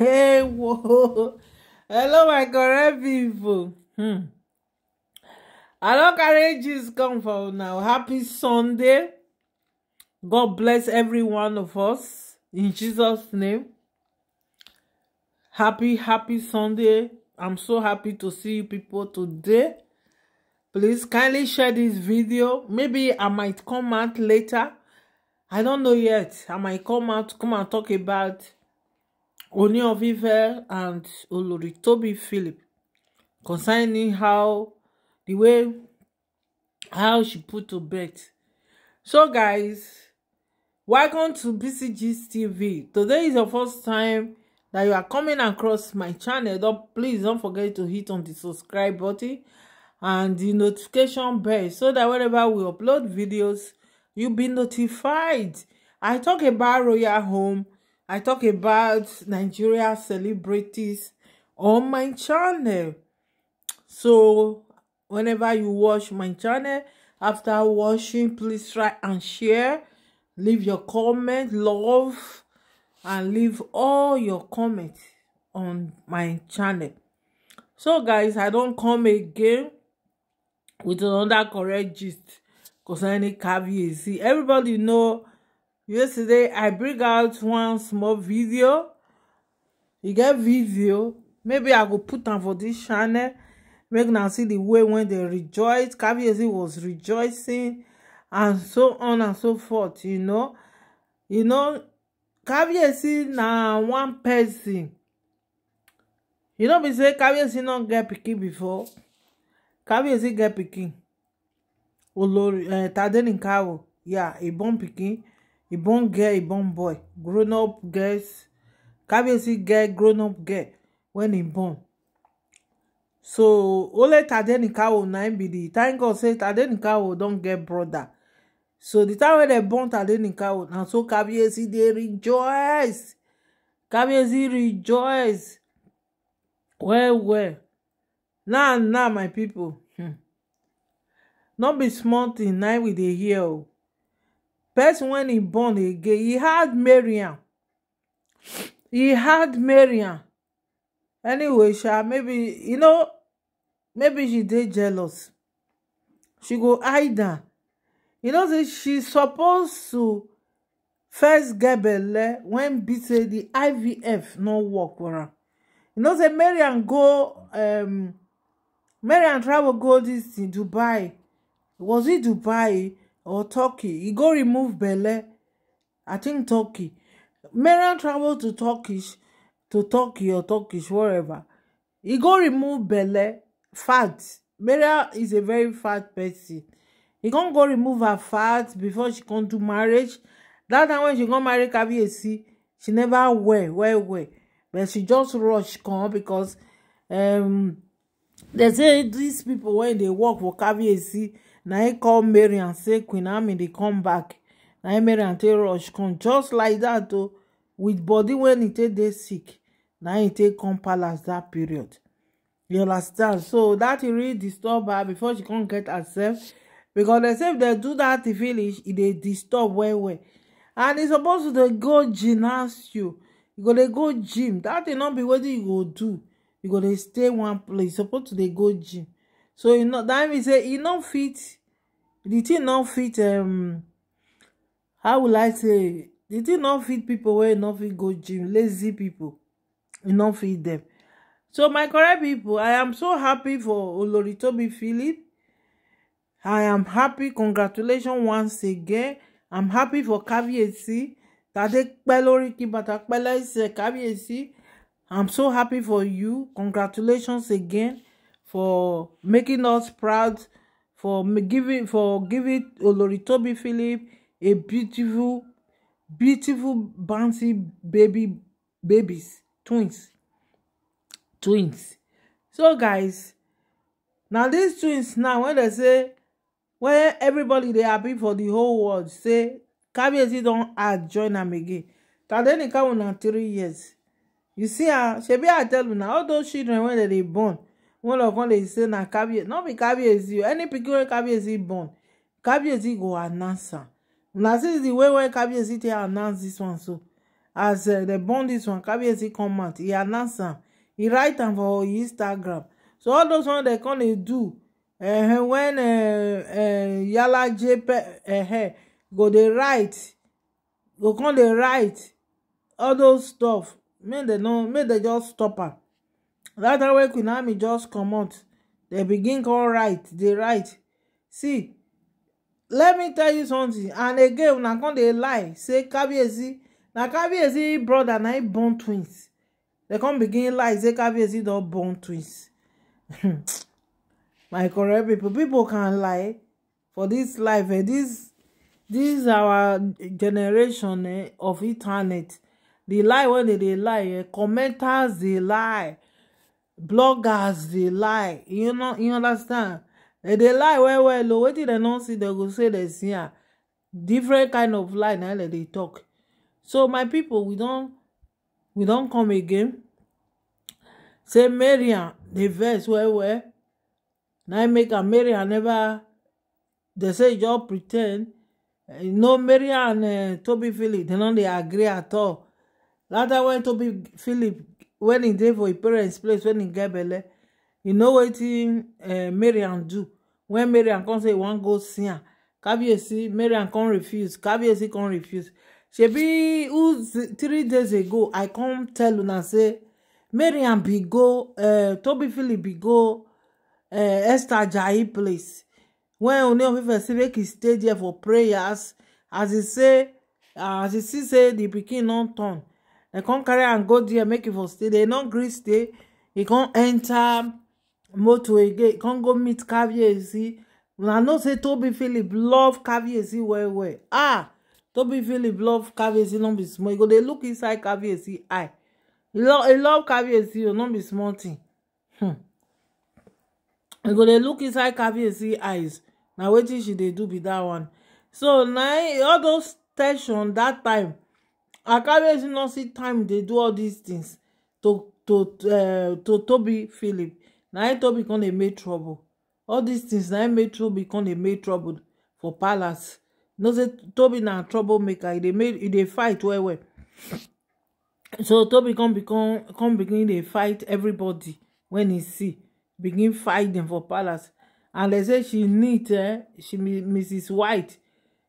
Hey, whoa. Hello, my correct people. Hmm. I don't carry Jesus come for now. Happy Sunday. God bless every one of us. In Jesus' name. Happy, happy Sunday. I'm so happy to see you people today. Please kindly share this video. Maybe I might come out later. I don't know yet. I might come out, come and talk about Ooni of Ife and Philip concerning how the way how she put to bed. So guys, welcome to BC TV. Today is your first time that you are coming across my channel. Don't, please don't forget to hit on the subscribe button and the notification bell so that whenever we upload videos, you'll be notified. I talk about Royal Home I talk about Nigeria celebrities on my channel. So whenever you watch my channel, after watching, please try and share. Leave your comment, love, and leave all your comments on my channel. So guys, I don't come again with another correct gist concerning see. Everybody know yesterday i bring out one small video you get video maybe i go put am for this channel make na see the way when they rejoice kabiyesi was rejoicing and so on and so forth you know you know kabiyesi na one person you know we say kabiyesi not get picking before kabiyesi get pikin olori uh, eh, tadenin kawo yeah he born picking. A born girl e born boy grown up girls Kabiyesi get grown up girl when he born so only Tadenikawo na im be the thank God say Tadenikawo don't get brother so the time when they born Tadenikawo now so Kabiyesi they rejoice Kabiyesi rejoice well well now now my people hmm. no be smart thing na we dey hear person when he born again he had Mariam he had Mariam anyway sha maybe you know maybe she did jealous she go either. you know say she suppose to first get belle when be the ivf no work for am you know say marian go um marian travel go this in dubai was it dubai or turkey he go remove belle i think turkey mariam travel to turkish to turkey or turkish wherever He go remove belle fat mariam is a very fat person He con go remove her fat before she come to marriage That time when she come marry kabiyesi she never wear wear wear, but she just rush come because um, they say these people when they work for kabiyesi na im call mariam say queen amini come back na im mariam take rush come just like that, o with body when e take dey sick na im take come palace that period you understand so that e really disturb her before she can get herself because they say if dem do that e finish it they disturb well well and e supposed to dey go gymnast you go dey go gym That thing not be wetin you go do you go dey stay one place you suppose to they go gym so you know that mean say e no fit the thing not fit um how will i say the thing not fit people Where not fit go gym lazy people e no fit them. so my correct people i am so happy for oloritobi philip i am happy congratulations once again i'm happy for kabiyesi tadepẹ lórí kí bàtà pẹ lẹsẹ kabiyesi i'm so happy for you congratulations again for making us proud for giving for giving Oloritobi Philip a beautiful beautiful bouncy baby babies twins twins so guys na these twins now when they say when everybody dey happy for the whole world say Kabiyesi don add join am again Tadenikawo na three years you see ah shebi I tell una all those children wey dem dey born one of one dey say na kabiyesi no be kabiyesi o any pikin wey kabiyesi born kabiyesi go announce am una see the way wey kabiyesi take announce this one so as uh, eh, dem born this one kabiyesi come out e announce am e write am for instagram so all those one dem come dey do uh, when uh, uh, yala jepe uh, go dey write go come dey write all those stuff make dem no make dem just stop am That time when queen naomi just comot they begin call right They right see let me tell you something and again una come dey lie say kabiyesi na kabiyesi brother na him born twins They come begin lie say kabiyesi don born twins my correct people, people can lie for this life eh this, dis our generation eh of internet di lie wey dem they lie eh commenters they lie bloggers dey lie you know you understand They dey lie well well o oh, wetin dem no see dem go say dem see am different kind of lie na dem dey talk so my people, we don we don come again say mariam dey vex well well na im make am mariam never dem say e just pretend eh, you know mariam and eh, toby philip dem no dey agree at all later wen toby philip When e dey for im parents place when e get belle you know wetin eh, mariam do When mariam come say e wan go see am kabiyesi mariam come refuse kabiyesi come refuse shebi three days ago i come tell una say mariam be go eh, Toby philip be go eh, esther ajayi place When oni of ife say make e stay there for prayers as e say as e see say the pikin don turn dem come carry and go there make you for stay dem no gree stay e come enter motor again come go meet See, I know say Toby philip love See, well well ah Toby philip love See, no be small e go They look inside See, I. He love He love caviezi o oh, no be small thing hmm. e go They look inside See, eyes Now, wetin she they do be that one so now, all those tension that time akabeosu no see time they do all these things. to to uh to Toby philip now Toby come they dey make trouble all these things now im make tobi con dey make trouble for palace know say tobi na troublemaker made they fight well well so Toby come become come begin they fight everybody when he see begin fight dem for palace and they say she need eh she mrs white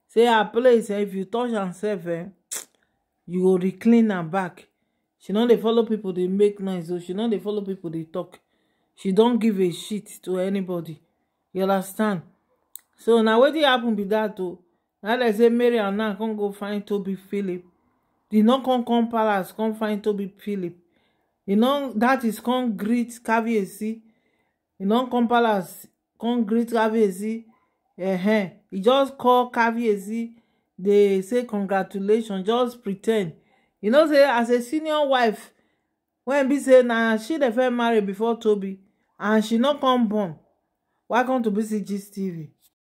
say her place eh if you touch and sef eh you go reclaim her back she no they follow people. They make noise o she no they follow people. They talk. she don't give a shit to anybody you understand so na wetin happen with that o Now like say mary and nan can't go find Toby philip di not come come palace come find Toby philip e no that is come greet caviesi e no come palace come greet caviesi eh eh He just call caviesi dey say congratulations just pretend you know say as a senior wife wen e be say na she dey first marry before Toby, and she no come born welcome to bc tv